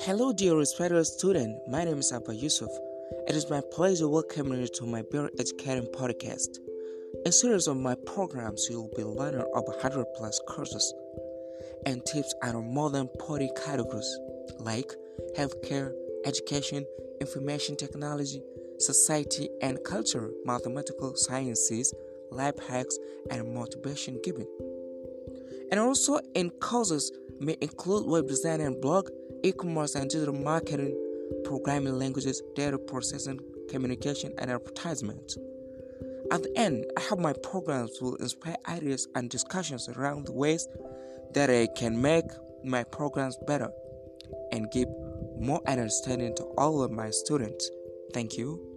Hello, dear respected student. My name is Abba Yusuf. It is my pleasure welcoming you to my very educating podcast. In series of my programs, you will be learning over 100 plus courses and tips out of more than 40 categories like healthcare, education, information technology, society and culture, mathematical sciences, life hacks, and motivation giving. And also, in courses may include web design and blog e-commerce and digital marketing, programming languages, data processing, communication, and advertisement. At the end, I hope my programs will inspire ideas and discussions around the ways that I can make my programs better and give more understanding to all of my students. Thank you.